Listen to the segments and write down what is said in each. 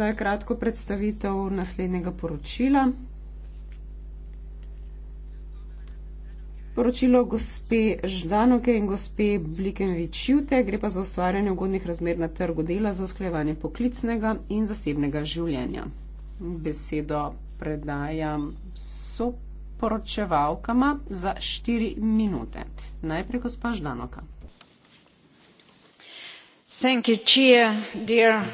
Zdaj kratko predstavitev naslednjega poročila. Poročilo gospe Ždanoke in gospe Blikenvičjute gre pa za ustvarjanje ugodnih razmer na trgu dela za usklajevanje poklicnega in zasebnega življenja. Besedo predajam soporočevalkama za štiri minute. Najprej gospa Ždanoka. Thank you, dear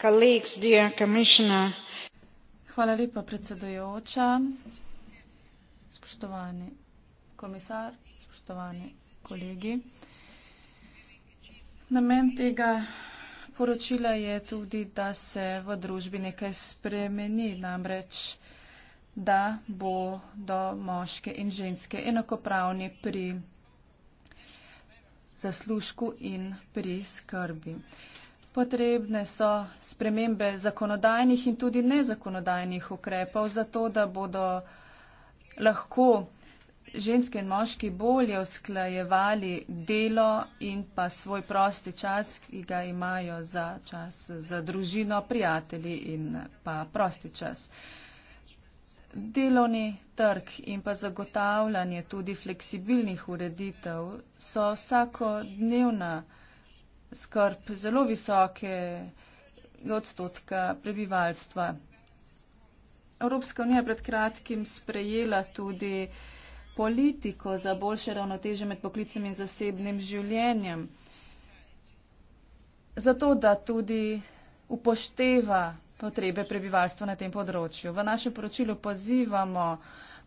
Hvala lepa, predsedujoča. Spoštovani komisar, spoštovani kolegi. Namen tega poročila je tudi, da se v družbi nekaj spremeni, namreč, da bo do moške in ženske enakopravni pri zaslužku in pri skrbi. Potrebne so spremembe zakonodajnih in tudi nezakonodajnih ukrepov, zato da bodo lahko ženske in moški bolje usklajevali delo in pa svoj prosti čas, ki ga imajo za čas za družino, prijatelji in pa prosti čas. Delovni trg in pa zagotavljanje tudi fleksibilnih ureditev so vsakodnevna skrb zelo visoke odstotka prebivalstva. Evropska unija je pred kratkim sprejela tudi politiko za boljše ravnoteže med poklicnim in zasebnim življenjem, zato da tudi upošteva potrebe prebivalstva na tem področju. V našem poročilu pozivamo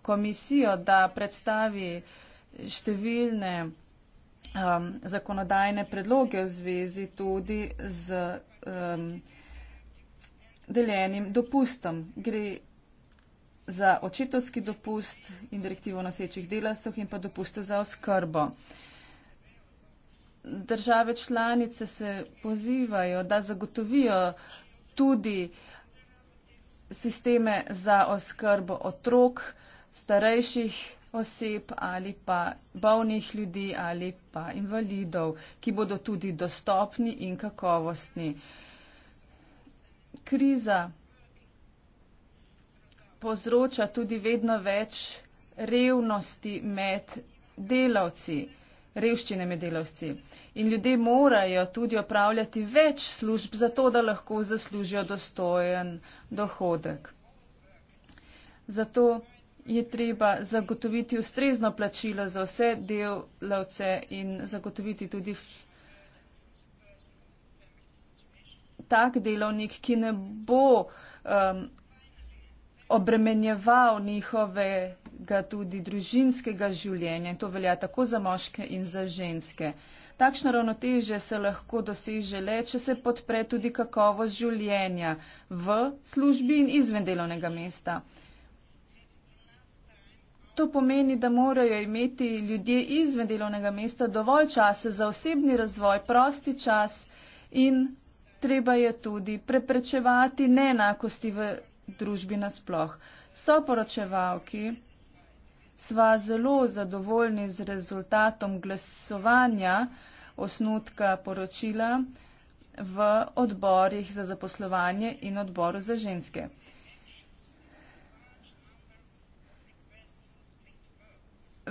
komisijo, da predstavi številne um, zakonodajne predloge v zvezi tudi z um, deljenim dopustom. Gre za očitovski dopust in direktivo nosečih delavcev in pa dopustu za oskrbo. Države članice se pozivajo, da zagotovijo tudi sisteme za oskrbo otrok, starejših oseb ali pa bolnih ljudi ali pa invalidov, ki bodo tudi dostopni in kakovostni. Kriza povzroča tudi vedno več revnosti med delavci, revščine med delavci. In ljudje morajo tudi opravljati več služb, zato da lahko zaslužijo dostojen dohodek. Zato je treba zagotoviti ustrezno plačilo za vse delavce in zagotoviti tudi tak delovnik, ki ne bo um, obremenjeval njihovega tudi družinskega življenja. In to velja tako za moške in za ženske. Takšno ravnotežje se lahko doseže le, če se podpre tudi kakovost življenja v službi in izven delovnega mesta. To pomeni, da morajo imeti ljudje izven delovnega mesta dovolj časa za osebni razvoj, prosti čas in treba je tudi preprečevati neenakosti v družbi nasploh. So poročevalki, sva zelo zadovoljni z rezultatom glasovanja osnutka poročila v odborih za zaposlovanje in odboru za ženske.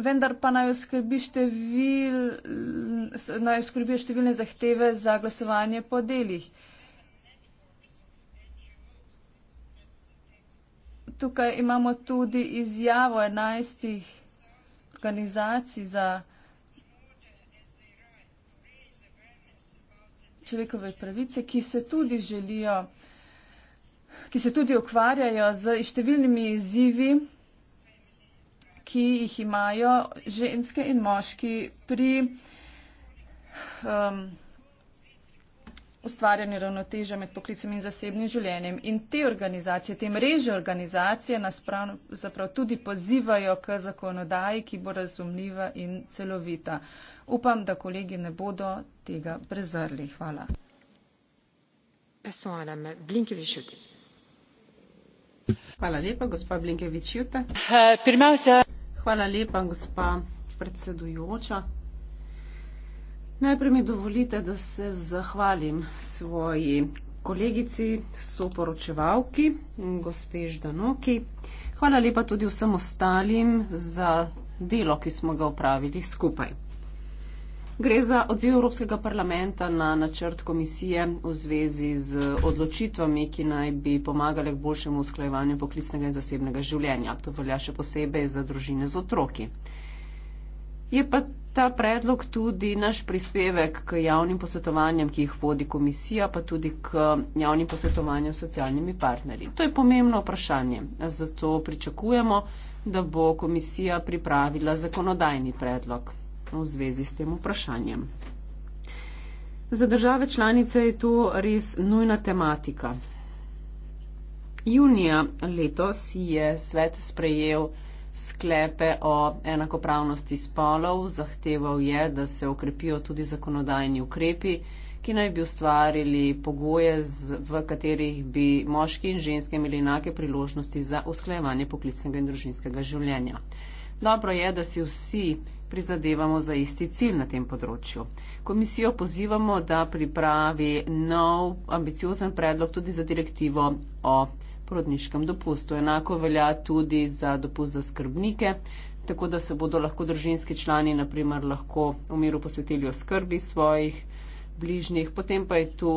vendar pa naj skrbi, števil, naj skrbi številne zahteve za glasovanje po delih. Tukaj imamo tudi izjavo enajstih organizacij za človekove pravice, ki se tudi želijo, ki se tudi okvarjajo z številnimi izzivi ki jih imajo ženske in moški pri um, ustvarjanju ravnoteže med poklicem in zasebnim življenjem. In te organizacije, te mreže organizacije nas prav, tudi pozivajo k zakonodaji, ki bo razumljiva in celovita. Upam, da kolegi ne bodo tega prezrli. Hvala. Hvala lepa, gospod Blinkevič Juta. Hvala lepa, gospa predsedujoča. Najprej mi dovolite, da se zahvalim svoji kolegici, soporočevalki, gospe Ždanoki. Hvala lepa tudi vsem ostalim za delo, ki smo ga opravili skupaj. Gre za odziv Evropskega parlamenta na načrt komisije v zvezi z odločitvami, ki naj bi pomagale k boljšemu usklajevanju poklicnega in zasebnega življenja. To velja še posebej za družine z otroki. Je pa ta predlog tudi naš prispevek k javnim posvetovanjem, ki jih vodi komisija, pa tudi k javnim posvetovanjem s socialnimi partnerji. To je pomembno vprašanje. Zato pričakujemo, da bo komisija pripravila zakonodajni predlog v zvezi s tem vprašanjem. Za države članice je to res nujna tematika. Junija letos je svet sprejel sklepe o enakopravnosti spolov, zahteval je, da se okrepijo tudi zakonodajni ukrepi, ki naj bi ustvarili pogoje, v katerih bi moški in ženske imeli enake priložnosti za usklajevanje poklicnega in družinskega življenja. Dobro je, da si vsi prizadevamo za isti cilj na tem področju. Komisijo pozivamo, da pripravi nov ambiciozen predlog tudi za direktivo o porodniškem dopustu. Enako velja tudi za dopust za skrbnike, tako da se bodo lahko družinski člani, naprimer, lahko v miru posvetili oskrbi svojih bližnjih. Potem pa je tu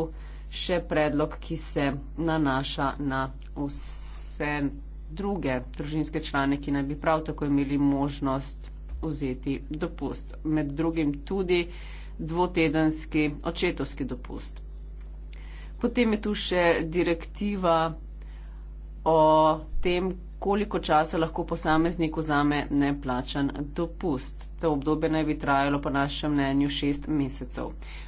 še predlog, ki se nanaša na vse druge družinske člane, ki naj bi prav tako imeli možnost vzeti dopust. Med drugim tudi dvotedenski očetovski dopust. Potem je tu še direktiva o tem, koliko časa lahko posameznik vzame neplačan dopust. To obdobje naj bi trajalo, po našem mnenju, šest mesecev.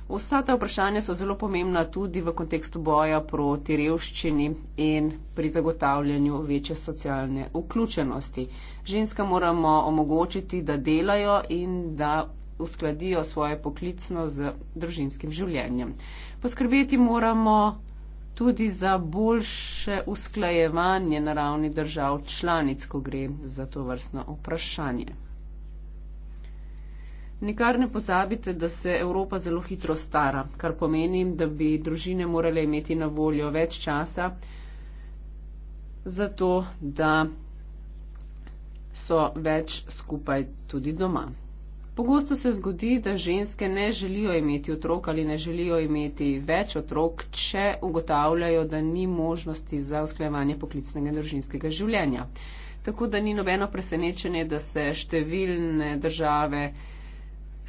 Vsa ta vprašanja so zelo pomembna tudi v kontekstu boja proti revščini in pri zagotavljanju večje socialne vključenosti. Ženska moramo omogočiti, da delajo in da uskladijo svoje poklicno z družinskim življenjem. Poskrbeti moramo tudi za boljše usklajevanje na ravni držav članic, ko gre za to vrstno vprašanje. Nikar ne pozabite, da se Evropa zelo hitro stara, kar pomeni, da bi družine morale imeti na voljo več časa za to, da so več skupaj tudi doma. Pogosto se zgodi, da ženske ne želijo imeti otrok ali ne želijo imeti več otrok, če ugotavljajo, da ni možnosti za usklajevanje poklicnega in družinskega življenja. Tako da ni nobeno presenečenje, da se številne države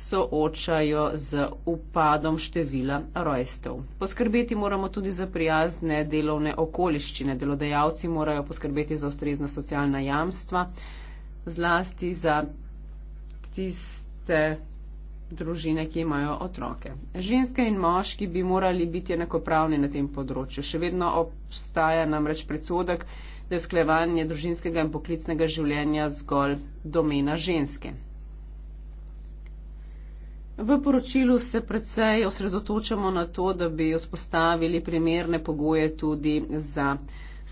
soočajo z upadom števila rojstev. Poskrbeti moramo tudi za prijazne delovne okoliščine. Delodajalci morajo poskrbeti za ustrezna socialna jamstva, zlasti za tiste, vse družine, ki imajo otroke. Ženske in moški bi morali biti enakopravni na tem področju. Še vedno obstaja namreč predsodek, da je sklevanje družinskega in poklicnega življenja zgolj domena ženske. V poročilu se predvsej osredotočamo na to, da bi vzpostavili primerne pogoje tudi za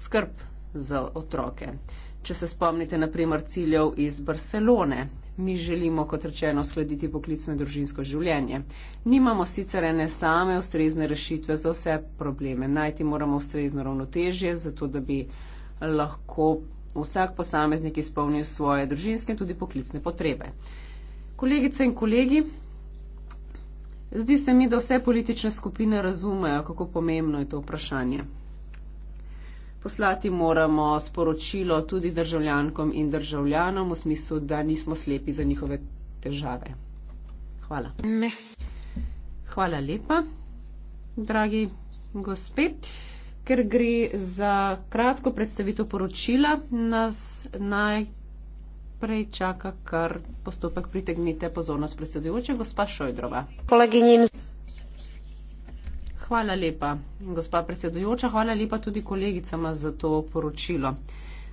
skrb za otroke. Če se spomnite, naprimer, ciljev iz Barcelone, mi želimo, kot rečeno, slediti poklicno družinsko življenje. Nimamo sicer ene same ustrezne rešitve za vse probleme. Najti moramo ustrezno ravnotežje, zato da bi lahko vsak posameznik izpolnil svoje družinske in tudi poklicne potrebe. Kolegice in kolegi, zdi se mi, da vse politične skupine razumejo, kako pomembno je to vprašanje poslati moramo sporočilo tudi državljankom in državljanom v smislu, da nismo slepi za njihove težave. Hvala. Merci. Hvala lepa, dragi gospe. Ker gre za kratko predstavitev poročila, nas najprej čaka kar postopek pritegnite pozornost predsedujoče, gospa Šojdrova. Kolegi njim. Hvala lepa, gospa predsedujoča. Hvala lepa tudi kolegicama za to poročilo.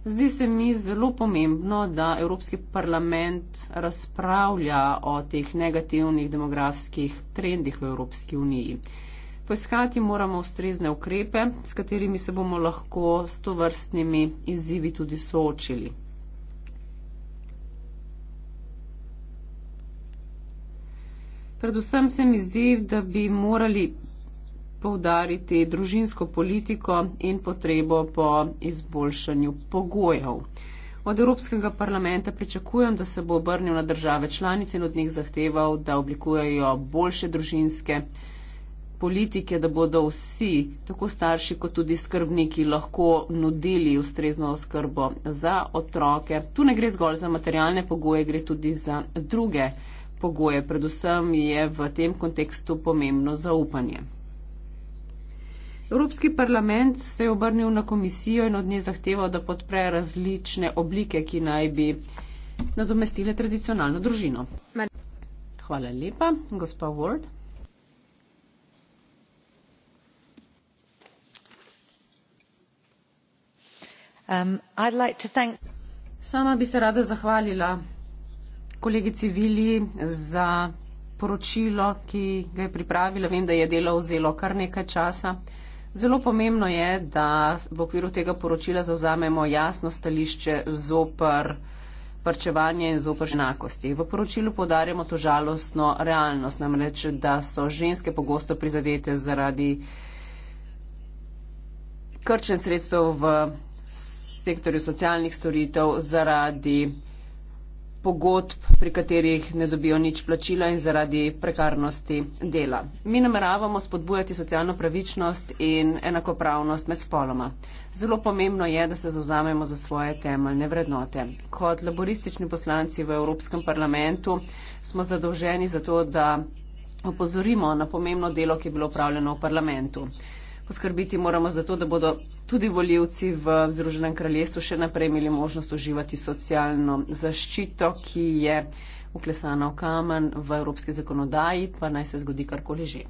Zdi se mi zelo pomembno, da Evropski parlament razpravlja o teh negativnih demografskih trendih v Evropski uniji. Poiskati moramo ustrezne ukrepe, s katerimi se bomo lahko s to vrstnimi izzivi tudi soočili. Predvsem se mi zdi, da bi morali poudariti družinsko politiko in potrebo po izboljšanju pogojev. Od Evropskega parlamenta pričakujem, da se bo obrnil na države članice in od njih zahteval, da oblikujejo boljše družinske politike, da bodo vsi, tako starši kot tudi skrbniki, lahko nudili ustrezno oskrbo za otroke. Tu ne gre zgolj za materialne pogoje, gre tudi za druge pogoje. Predvsem je v tem kontekstu pomembno zaupanje. Evropski parlament se je obrnil na komisijo in od nje zahteval, da podpre različne oblike, ki naj bi nadomestile tradicionalno družino. Hvala lepa, gospa Ward. Um, like thank... Sama bi se rada zahvalila kolegici Vili za poročilo, ki ga je pripravila. Vem, da je delo vzelo kar nekaj časa. Zelo pomembno je, da v okviru tega poročila zauzamemo jasno stališče zopr varčevanje in zopr ženakosti. V poročilu podarjamo to žalostno realnost, namreč, da so ženske pogosto prizadete zaradi krčen sredstev v sektorju socialnih storitev, zaradi pogodb, pri katerih ne dobijo nič plačila in zaradi prekarnosti dela. Mi nameravamo spodbujati socialno pravičnost in enakopravnost med spoloma. Zelo pomembno je, da se zauzamemo za svoje temeljne vrednote. Kot laboristični poslanci v Evropskem parlamentu smo zadolženi za to, da opozorimo na pomembno delo, ki je bilo upravljeno v parlamentu poskrbiti moramo za to, da bodo tudi voljivci v Združenem kraljestvu še naprej imeli možnost uživati socialno zaščito, ki je uklesana v kamen v evropski zakonodaji, pa naj se zgodi karkoli že.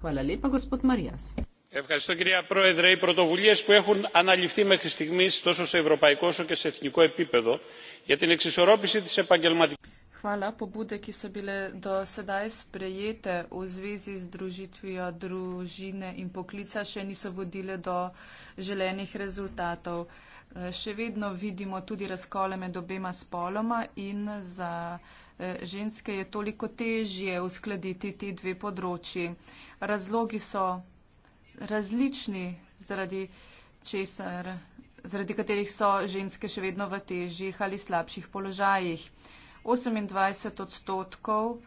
Hvala lepa, gospod Marijas. Ευχαριστώ κυρία Πρόεδρε. Οι πρωτοβουλίε που έχουν αναλυφθεί μέχρι στιγμή τόσο σε ευρωπαϊκό όσο και σε εθνικό επίπεδο για την εξισορρόπηση τη επαγγελματική hvala. Pobude, ki so bile do sedaj sprejete v zvezi z družitvijo družine in poklica, še niso vodile do želenih rezultatov. Eh, še vedno vidimo tudi razkole med obema spoloma in za eh, ženske je toliko težje uskladiti ti dve področji. Razlogi so različni, zaradi, česar, zaradi katerih so ženske še vedno v težjih ali slabših položajih. 28 odstotkov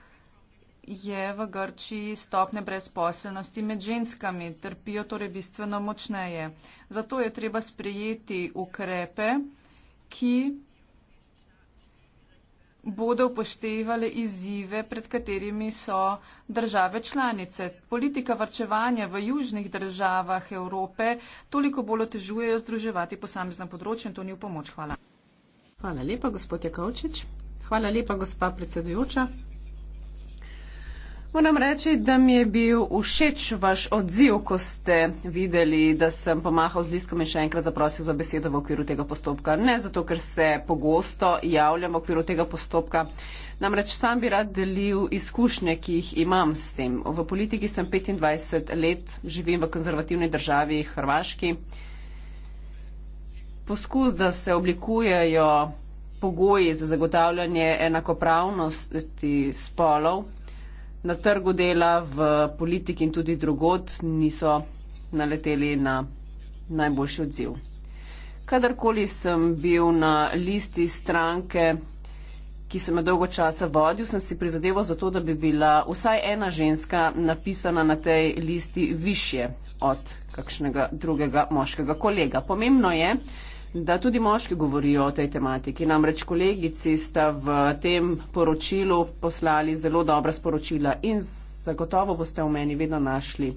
je v Grčiji stopne brezposelnosti med ženskami, trpijo torej bistveno močneje. Zato je treba sprejeti ukrepe, ki bodo upoštevali izzive, pred katerimi so države članice. Politika varčevanja v južnih državah Evrope toliko bolj otežuje združevati posamezna področja in to ni v pomoč. Hvala. Hvala lepa, gospod Jakovčič. Hvala lepa, gospa predsedujoča. Moram reči, da mi je bil všeč vaš odziv, ko ste videli, da sem pomahal z listkom in še enkrat zaprosil za besedo v okviru tega postopka. Ne zato, ker se pogosto javljam v okviru tega postopka. Namreč sam bi rad delil izkušnje, ki jih imam s tem. V politiki sem 25 let, živim v konzervativni državi Hrvaški. Poskus, da se oblikujejo pogoji za zagotavljanje enakopravnosti spolov na trgu dela, v politiki in tudi drugot niso naleteli na najboljši odziv. Kadarkoli sem bil na listi stranke, ki sem jo dolgo časa vodil, sem si prizadeval za to, da bi bila vsaj ena ženska napisana na tej listi više od kakšnega drugega moškega kolega. Pomembno je, da tudi moški govorijo o tej tematiki. Namreč kolegici sta v tem poročilu poslali zelo dobra sporočila in zagotovo boste v meni vedno našli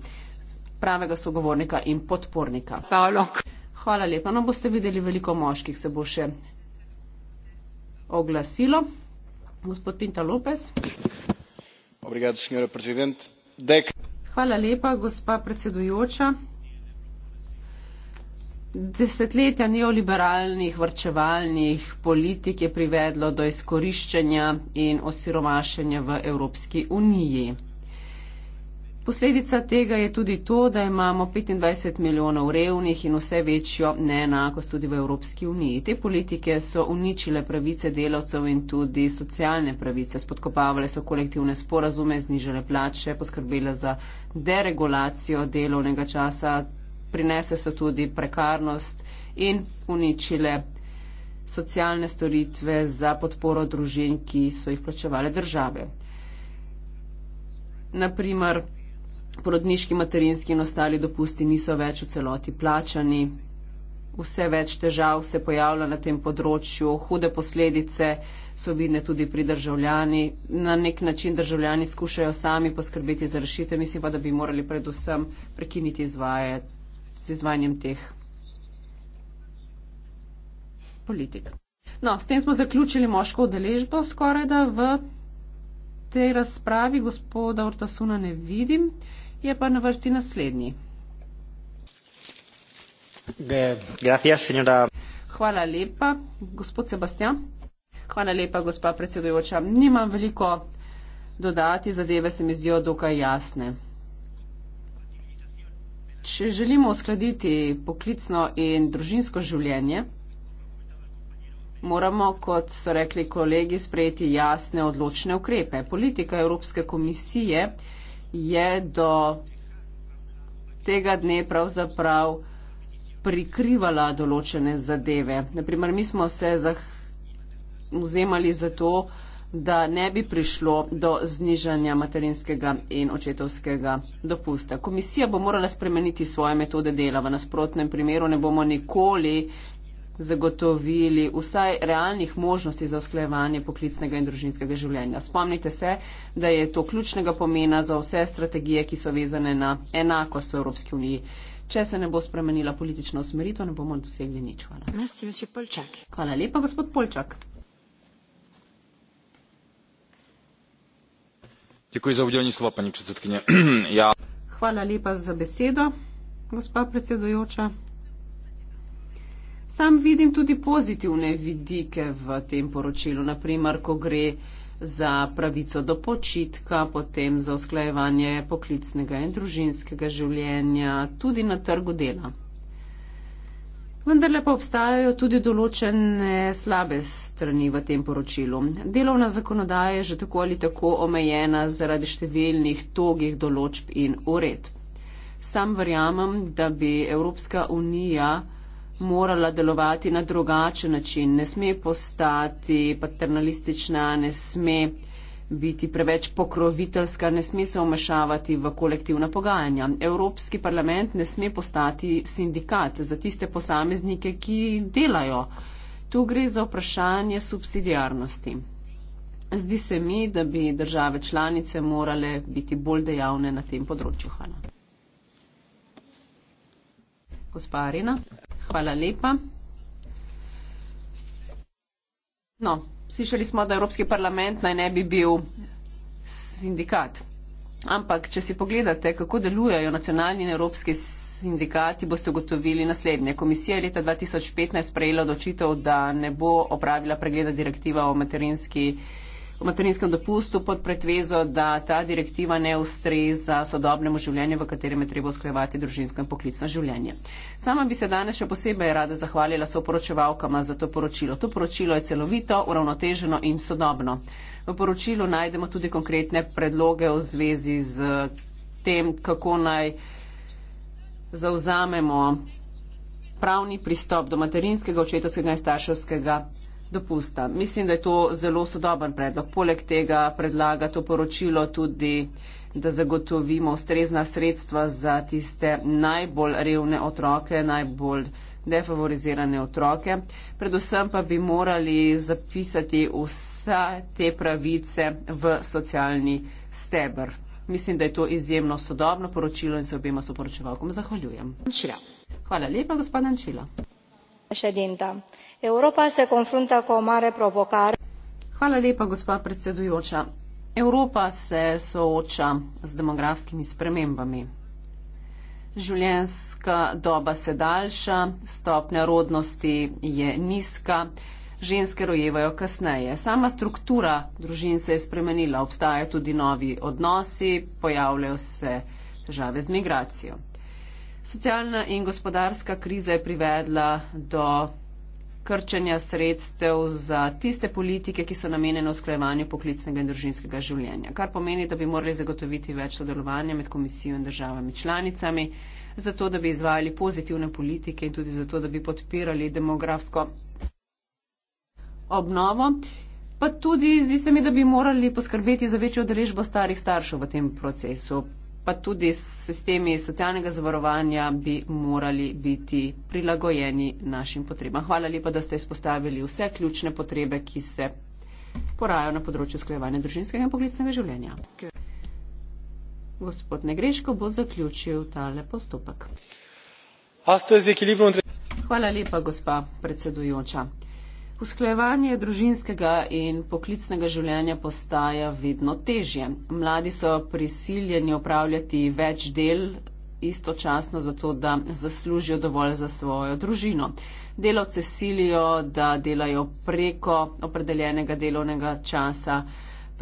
pravega sogovornika in podpornika. Hvala lepa. No, boste videli, veliko moških se bo še oglasilo. Gospod Pinta Lopez. Obrigado, Hvala lepa, gospa predsedujoča. Desetletja neoliberalnih vrčevalnih politik je privedlo do izkoriščanja in osiromašenja v Evropski uniji. Posledica tega je tudi to, da imamo 25 milijonov revnih in vse večjo neenakost tudi v Evropski uniji. Te politike so uničile pravice delavcev in tudi socialne pravice, spodkopavale so kolektivne sporazume, znižale plače, poskrbele za deregulacijo delovnega časa, prinese so tudi prekarnost in uničile socialne storitve za podporo družin, ki so jih plačevale države. Naprimer, porodniški, materinski in ostali dopusti niso več v celoti plačani. Vse več težav se pojavlja na tem področju, hude posledice so vidne tudi pri državljani. Na nek način državljani skušajo sami poskrbeti za rešitev, mislim pa, da bi morali predvsem prekiniti izvajati z izvanjem teh politik. No, s tem smo zaključili moško udeležbo skoraj da v tej razpravi. Gospoda Ortasuna ne vidim, je pa na vrsti naslednji. Gracias, señora. Hvala lepa, gospod Sebastian. Hvala lepa, gospa predsedujoča. Nimam veliko dodati, zadeve se mi zdijo dokaj jasne. Če želimo uskladiti poklicno in družinsko življenje, moramo, kot so rekli kolegi, sprejeti jasne odločne ukrepe. Politika Evropske komisije je do tega dne pravzaprav prikrivala določene zadeve. Naprimer, mi smo se vzemali za to, da ne bi prišlo do znižanja materinskega in očetovskega dopusta. Komisija bo morala spremeniti svoje metode dela. V nasprotnem primeru ne bomo nikoli zagotovili vsaj realnih možnosti za usklajevanje poklicnega in družinskega življenja. Spomnite se, da je to ključnega pomena za vse strategije, ki so vezane na enakost v Evropski uniji. Če se ne bo spremenila politična usmeritev, ne bomo dosegli nič. Hvala, Hvala lepa, gospod Polčak. paní předsedkyně já sam vidim tudi pozitivne vidike v tem poročilu na primer ko gre za pravico do počitka potem za usklajevanje poklicnega in družinskega življenja tudi na trgu dela Vendar pa obstajajo tudi določene slabe strani v tem poročilu. Delovna zakonodaja je že tako ali tako omejena zaradi številnih togih določb in uredb. Sam verjamem, da bi Evropska unija morala delovati na drugačen način. Ne sme postati paternalistična, ne sme biti preveč pokroviteljska, ne sme se omešavati v kolektivna pogajanja. Evropski parlament ne sme postati sindikat za tiste posameznike, ki delajo. Tu gre za vprašanje subsidijarnosti. Zdi se mi, da bi države članice morale biti bolj dejavne na tem področju. Hvala. Gospa Arena, hvala lepa. No slišali smo, da Evropski parlament naj ne bi bil sindikat. Ampak, če si pogledate, kako delujejo nacionalni in evropski sindikati, boste ugotovili naslednje. Komisija je leta 2015 sprejela odločitev, da ne bo opravila pregleda direktiva o materinski v materinskem dopustu pod pretvezo, da ta direktiva ne ustreza sodobnemu življenju, v katerem je treba usklajevati družinsko in poklicno življenje. Sama bi se danes še posebej rada zahvalila soporočevalkama za to poročilo. To poročilo je celovito, uravnoteženo in sodobno. V poročilu najdemo tudi konkretne predloge v zvezi z tem, kako naj zauzamemo pravni pristop do materinskega, očetovskega in starševskega dopusta. Mislim, da je to zelo sodoben predlog. Poleg tega predlaga to poročilo tudi, da zagotovimo ustrezna sredstva za tiste najbolj revne otroke, najbolj defavorizirane otroke. Predvsem pa bi morali zapisati vse te pravice v socialni stebr. Mislim, da je to izjemno sodobno poročilo in se obema soporočevalkom zahvaljujem. Hvala lepa, gospod Ančila președintă europa se confruntă cu o mare provocare. Hvala lepa, gospa predsedujoča. Evropa se sooča z demografskimi spremembami. Življenjska doba se daljša, stopnja rodnosti je nizka, ženske rojevajo kasneje. Sama struktura družin se je spremenila, obstajajo tudi novi odnosi, pojavljajo se težave z migracijo. Socialna in gospodarska kriza je privedla do krčenja sredstev za tiste politike, ki so namenjene usklajevanju poklicnega in družinskega življenja, kar pomeni, da bi morali zagotoviti več sodelovanja med komisijo in državami članicami, zato da bi izvajali pozitivne politike in tudi zato, da bi podpirali demografsko obnovo. Pa tudi zdi se mi, da bi morali poskrbeti za večjo odrežbo starih staršev v tem procesu pa tudi sistemi socialnega zavarovanja bi morali biti prilagojeni našim potrebam. Hvala lepa, da ste izpostavili vse ključne potrebe, ki se porajajo na področju sklejevanja družinskega in poklicnega življenja. Gospod Negreško bo zaključil tale postopek. Hvala lepa, gospa predsedujoča. Usklajevanje družinskega in poklicnega življenja postaja vedno težje. Mladi so prisiljeni opravljati več del istočasno zato, da zaslužijo dovolj za svojo družino. Delavce silijo, da delajo preko opredeljenega delovnega časa.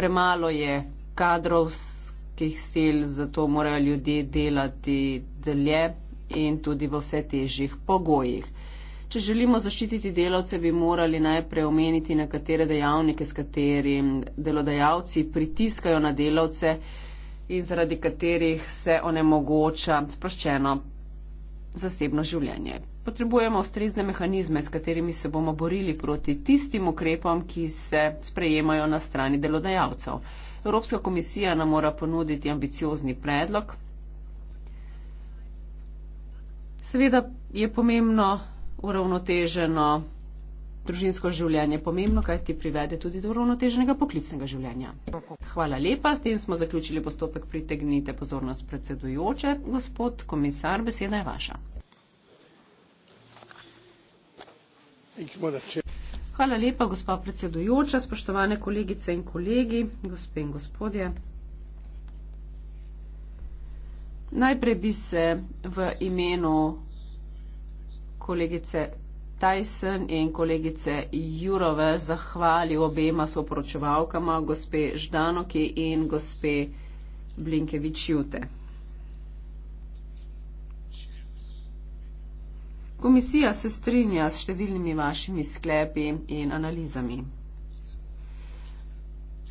Premalo je kadrovskih sil, zato morajo ljudje delati dlje in tudi v vse težjih pogojih. Če želimo zaščititi delavce, bi morali najprej omeniti nekatere dejavnike, s katerim delodajalci pritiskajo na delavce in zaradi katerih se onemogoča sproščeno zasebno življenje. Potrebujemo ustrezne mehanizme, s katerimi se bomo borili proti tistim ukrepom, ki se sprejemajo na strani delodajalcev. Evropska komisija nam mora ponuditi ambiciozni predlog. Seveda je pomembno uravnoteženo družinsko življenje pomembno, kaj ti privede tudi do uravnoteženega poklicnega življenja. Hvala lepa, s tem smo zaključili postopek pritegnite pozornost predsedujoče. Gospod komisar, beseda je vaša. Hvala lepa, gospa predsedujoča, spoštovane kolegice in kolegi, gospe in gospodje. Najprej bi se v imenu kolegice Tyson in kolegice Jurove zahvalil obema soporočevalkama, gospe Ždanoki in gospe Blinkevič Jute. Komisija se strinja s številnimi vašimi sklepi in analizami.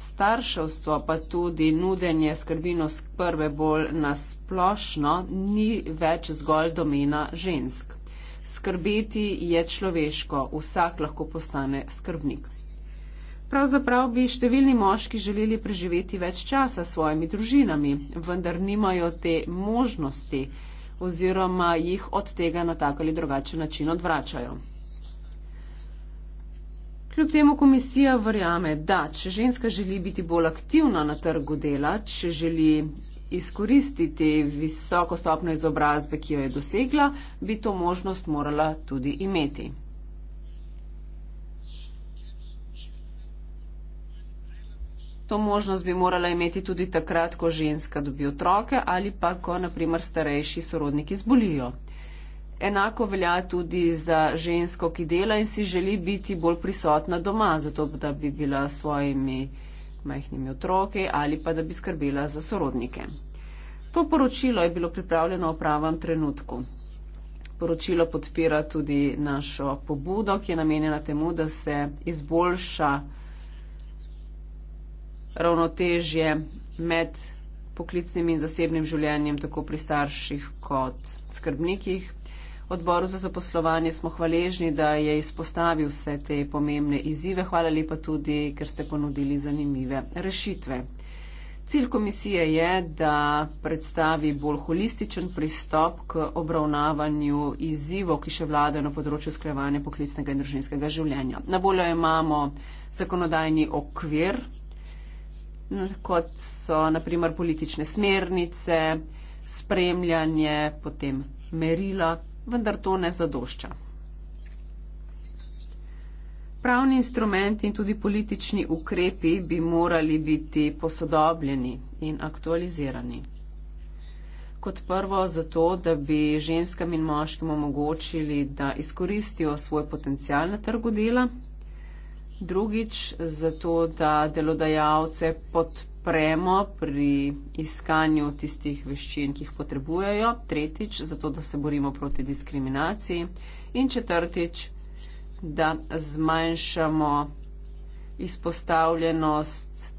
Starševstvo pa tudi nudenje skrbino prve bolj nasplošno ni več zgolj domena žensk. Skrbeti je človeško, vsak lahko postane skrbnik. Pravzaprav bi številni moški želeli preživeti več časa s svojimi družinami, vendar nimajo te možnosti oziroma jih od tega na tak ali drugačen način odvračajo. Kljub temu komisija verjame, da če ženska želi biti bolj aktivna na trgu dela, če želi izkoristiti visoko stopno izobrazbe, ki jo je dosegla, bi to možnost morala tudi imeti. To možnost bi morala imeti tudi takrat, ko ženska dobi otroke ali pa, ko naprimer starejši sorodniki zbolijo. Enako velja tudi za žensko, ki dela in si želi biti bolj prisotna doma, zato da bi bila s svojimi uh, majhnimi otroki ali pa da bi skrbela za sorodnike. To poročilo je bilo pripravljeno v pravem trenutku. Poročilo podpira tudi našo pobudo, ki je namenjena temu, da se izboljša ravnotežje med poklicnim in zasebnim življenjem tako pri starših kot skrbnikih. Odboru za zaposlovanje smo hvaležni, da je izpostavil vse te pomembne izzive. Hvala lepa tudi, ker ste ponudili zanimive rešitve. Cilj komisije je, da predstavi bolj holističen pristop k obravnavanju izzivov, ki še vladajo na področju sklevanja poklicnega in družinskega življenja. Na voljo imamo zakonodajni okvir, kot so naprimer politične smernice, spremljanje, potem merila, vendar to ne zadošča. Pravni instrumenti in tudi politični ukrepi bi morali biti posodobljeni in aktualizirani. Kot prvo zato, da bi ženskam in moškim omogočili, da izkoristijo svoj potencial na trgu dela Drugič, zato da delodajalce podpremo pri iskanju tistih veščin, ki jih potrebujejo. Tretjič, zato da se borimo proti diskriminaciji. In četrtič, da zmanjšamo izpostavljenost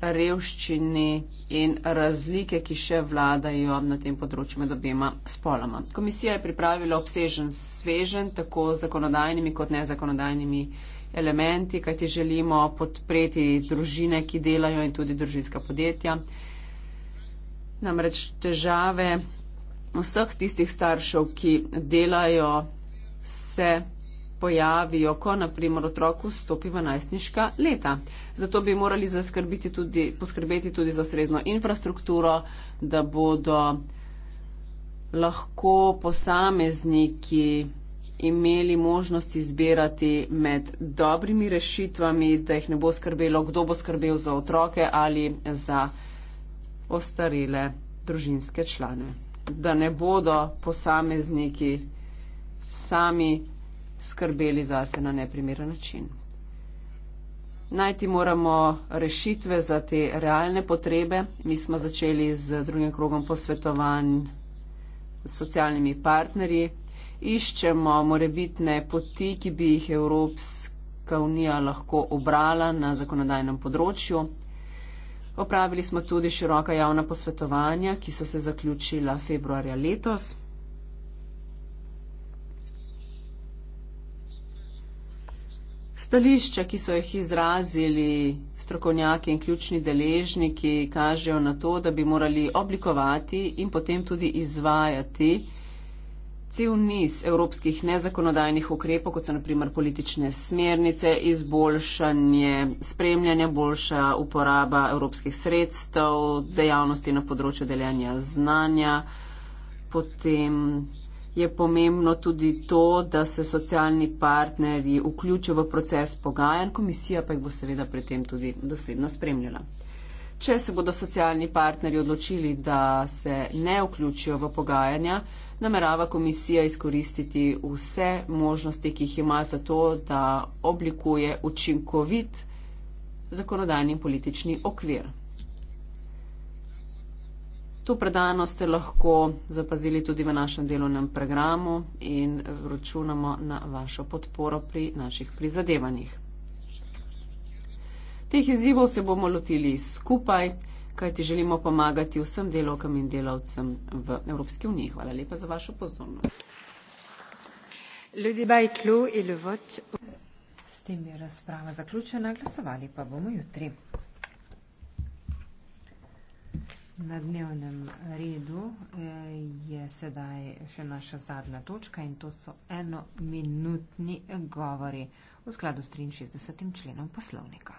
revščini in razlike, ki še vladajo na tem področju med obema spoloma. Komisija je pripravila obsežen svežen, tako z zakonodajnimi kot nezakonodajnimi elementi, kajti želimo podpreti družine, ki delajo in tudi družinska podjetja. Namreč težave vseh tistih staršev, ki delajo, se pojavijo, ko naprimer otroku stopi v najstniška leta. Zato bi morali tudi, poskrbeti tudi za srezno infrastrukturo, da bodo lahko posamezniki imeli možnost izbirati med dobrimi rešitvami, da jih ne bo skrbelo, kdo bo skrbel za otroke ali za ostarele družinske člane. Da ne bodo posamezniki sami skrbeli zase na neprimeren način. Najti moramo rešitve za te realne potrebe. Mi smo začeli z drugim krogom posvetovanj s socialnimi partnerji. Iščemo morebitne poti, ki bi jih Evropska unija lahko obrala na zakonodajnem področju. Opravili smo tudi široka javna posvetovanja, ki so se zaključila februarja letos. Stališča, ki so jih izrazili strokovnjaki in ključni deležniki, kažejo na to, da bi morali oblikovati in potem tudi izvajati cel niz evropskih nezakonodajnih ukrepov, kot so naprimer politične smernice, izboljšanje spremljanja, boljša uporaba evropskih sredstev, dejavnosti na področju deljanja znanja, potem je pomembno tudi to, da se socialni partnerji vključijo v proces pogajanj, komisija pa jih bo seveda pri tem tudi dosledno spremljala. Če se bodo socialni partnerji odločili, da se ne vključijo v pogajanja, namerava komisija izkoristiti vse možnosti, ki jih ima za to, da oblikuje učinkovit zakonodajni in politični okvir. To predanost ste lahko zapazili tudi v našem delovnem programu in računamo na vašo podporo pri naših prizadevanjih. Teh izzivov se bomo lotili skupaj, kajti želimo pomagati vsem delovkam in delavcem v Evropski uniji. Hvala lepa za vašo pozornost. S tem je razprava zaključena, glasovali pa bomo jutri. Na dnevnem redu eh, je sedaj še naša zadnja točka in to so enominutni govori v skladu s 63. členom poslovnika.